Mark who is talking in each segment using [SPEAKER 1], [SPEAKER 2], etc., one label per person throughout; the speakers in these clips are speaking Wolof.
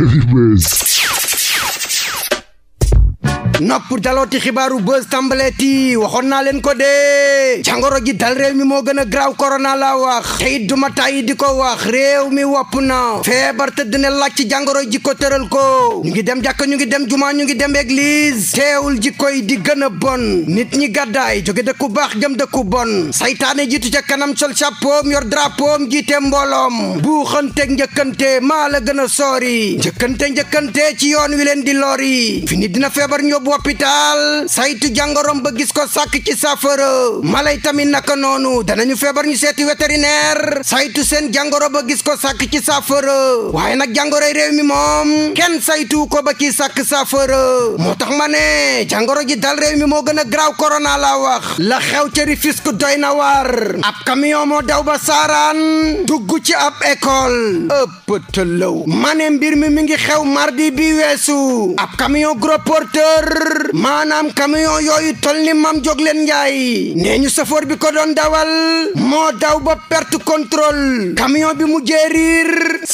[SPEAKER 1] Anyways. nopp dalooti xibaaru buzz tàmbaleeti waxoon naa leen ko de jàngoro ji dal réew mi moo gën a graaw korona la wax te it duma tàyyi di ko wax réew mi wapp na feebar te dina laaj ci jàngoro ji ko tëral ko ñu ngi dem jàkka ñu ngi dem jumaa ñu ngi dem église teewul ji koy di gën a bon nit ñi gàddaay jóge dëkku baax jëm dëkku bon saytaane jiitu ca kanam sol chapeau yor drapeau jiite mbooloom buuxante njëkkante maa la gën a soori njëkkante njëkkante ci yoon wi leen di lori dina feebar ñoo yóbbu hôpital saytu jàngorom ba gis ko sàkk ci saafara mala yi tamit naka noonu ñu feebar ñu seeti vétérinaire saytu seen jàngoro ba gis ko sàkk ci saafara waaye nag jàngoroy réew mi moom kenn saytu ko ba ci sàkk saafara moo tax ma ne jàngoro ji dal réew mi moo gën a graaw corona la wax la xew ca Rufisque doy na war ab camion moo daw ba saaraan dugg ci ab école ëpp tëlaw ma mbir mi mi xew mardi bi weesu ab camion gros porteur maanaam camion yooyu tol ni mam jóg leen njaay nee ñu safoor bi ko doon dawal moo daw ba perte contrôle camion bi mu jéeriir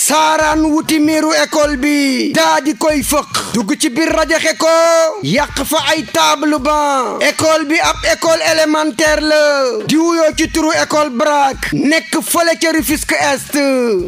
[SPEAKER 1] saaraan wuti miiru école bi daa di koy fëq dugg ci biir rajaxe ko yàq fa ay table ba école bi ab école élémentaire la di wuyoo ci turu école Brac nekk fële ca Rufisque Est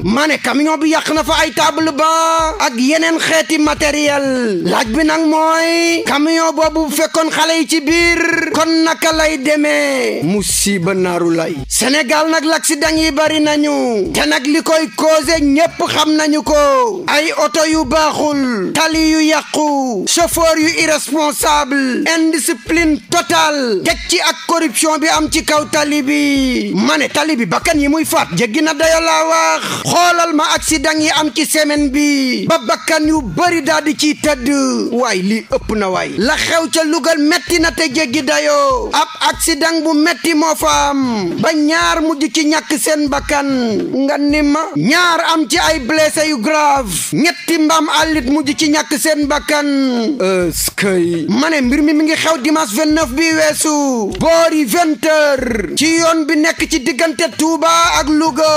[SPEAKER 1] ma ne camion bi yàq na fa ay table ban ak yeneen xeeti matériel laaj bi nag mooy camion boobu fekkoon xale yi ci biir kon naka lay demee musiba naaru lay Sénégal nag l'accident yi bari nañu te nag li koy causé ñëpp xam nañu ko ay oto yu baaxul tali yu yàqu chauffeur yu irresponsable indiscipline totale teg ci ak corruption bi am ci kaw tali bi ma ne tali bi bakkan yi muy faat jéggi na dayo laa wax xoolal ma accident yi am ci semaine bi ba bakkan yu bëri daal di ciy tëdd waay lii ëpp na waay la xew ca Louga metti na te jéggi dayoo ab accident bu metti moo fa ba ñaar mujj ci ñàkk seen bakkan nga ni ma ñaar am ci ay blessé yu grave ñetti mbaam àllit mujj ci ñàkk seen seen bakkan ëskëy ma ne mbir mi mi ngi xew dimanche 29 bi weesu boori 20 heures ci yoon bi nekk ci diggante Touba ak Louga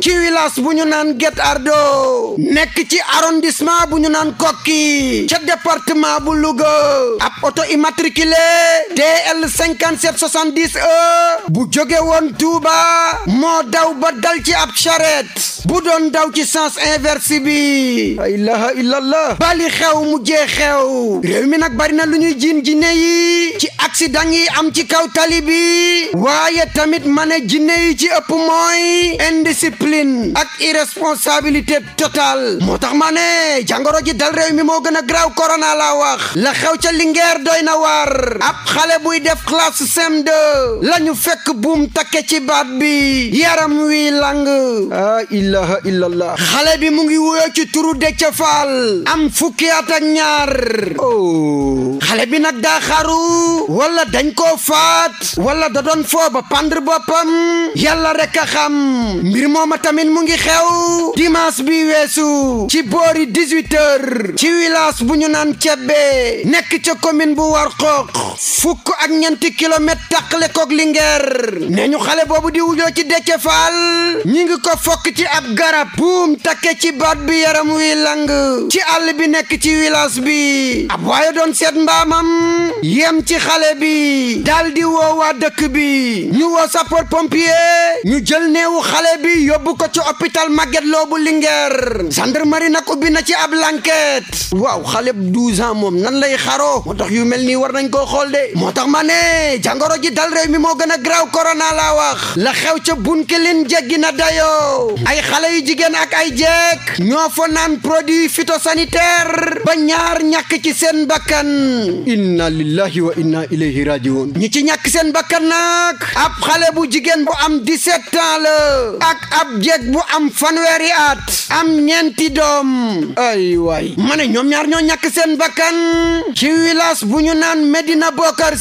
[SPEAKER 1] ci village bu ñu naan Guet Ardo nekk ci arrondissement bu ñu naan Kokki ca département bu Louga ab auto immatriculé DL 5770 E bu jóge woon moo daw ba dal ci ab charrette bu doon daw ci sens inverse bi la ilaha bali xew mujjee xew réew mi nag bari na lu ñuy jiin jinne yi ci accident yi am ci kaw tali bi waaye tamit ma ne jinne yi ci ëpp mooy indiscipline ak irresponsabilité totale moo tax ma ne jàngoro ji dal réew mi moo gën a graaw corona la wax la xew ca Linguère doy na waar ab xale buy def classe cm lañu fekk buum takkee ci baat bi yaram wi lang a xale bi mu ngi wuyoo ci turu Déthié Fall am fukki at ak ñaar oh xale bi nag daa xaru wala dañ koo faat wala da doon foo ba pendre boppam yàlla rek a xam mbir a tamit mu ngi xew dimanche bi weesu ci boori 18 heures ci village bu ñu naan cebbe nekk ca commune bu Warxoox fukk ak ñeenti kilomètres tàqale li Linguère ne ñu xale boobu di wujoo ci Déthié Fall ñi ngi ko fokk ci ab garab buum takke ci baat bi yaram wi lang ci àll bi nekk ci village bi ab waaye doon seet mbaamam yem ci xale bi daal di woo waa dëkk bi ñu woo sapeur pompier ñu jël neewu xale bi yóbbu ko ci hôpital Magatte Lô bu Linguère gendarmerie nag ubbi na ci ab enquête waaw xale bu 12 ans moom nan lay xaro moo tax yu mel ni war nañ ko xool de moo tax ma ne jàngoro ji dal mi moo gën a graw corona laa wax la xew ca bunkilin jéggi na dayoo ay xale yu jigéen ak ay jeeg ñoo fa naan produit phytosanitaire ñoom ñaar ñàkk ci seen bakkan inna lillahi wa inna ilayhi rajiun ñi ci ñàkk seen bakkan nag ab xale bu jigéen bu am 17 ans ak ab jeeg bu am fanweeri at am ñeenti doom ay ma ne ñoom ñaar ñoo ñàkk seen bakkan ci village bu ñu naan Medina Bokar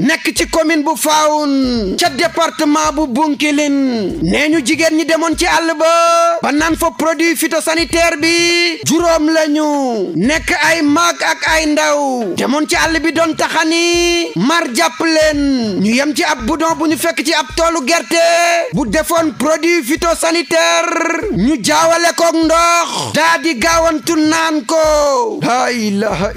[SPEAKER 1] nekk ci commune bu Faoun ca département bu Bunkilin nee ñu jigéen ñi demoon ci àll ba ba naan fa produit phytosanitaire bi juróom lañu nekk ay mag ak ay ndaw ci àll bi doon taxani mar jàpp leen ñu yem ci ab budon bu ñu fekk ci ab toolu gerte bu defoon produit phytosanitaire ñu jaawale ko ndox daa di gaawantu naan ko laa ilaha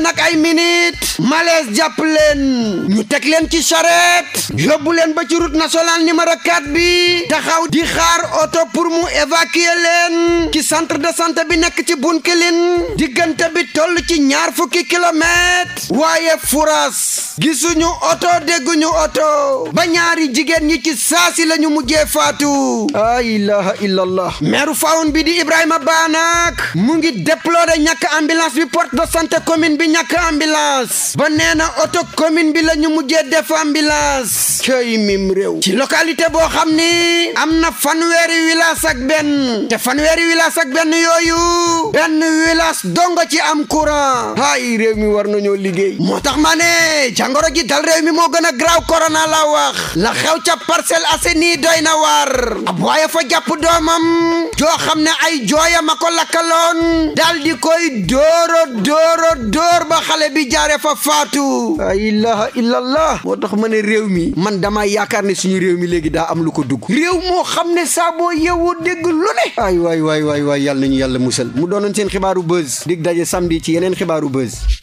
[SPEAKER 1] nag ay minute malaise jàpp leen ñu teg leen ci charrette yóbbu leen ba ci route nationale numéro 4 bi taxaw di xaar oto pour mu évacuer leen ci centre de santé bi nekk ci Bounkiling diggante bi toll ci ñaar fukki kilomètre waaye furas gisuñu oto dégguñu oto ba ñaari jigéen ñi ci saasi lañu mujjee faatu laa ilaha illallah meeru faawun bi di Ibrahima Ba mu ngi déploré ñakk ambulance bi porte de santé commune bi ñakk ambulance ba nee na oto commune bi la ñu mujjee def ambulance këy réew ci localité boo xam ni am na fanweeri wilaas ak benn te fanweeri wilaas ak benn yooyu benn wilaas glace donga ci am courant hay réew mi war nañoo liggéey moo tax ma ne jàngoro ji dal réew mi moo gën a graaw korona la wax la xew ca Parcelles nii doy na waar ab waaye fa jàpp doomam joo xam ne ay jooya ma ko lakkaloon dal di koy dóoro dóoro dóor ba xale bi jaare fa faatu la ilaha illallah moo tax ma réew mi man dama yaakaar ne suñu réew mi léegi daa am lu ko dugg réew moo xam ne saa boo yeewoo lu ne ay waay waay waay waay yàlla nañu yàlla musal mu doonoon seen xibaaru bë Buzz dig daje samedi ci yeneen xibaaru Buzz.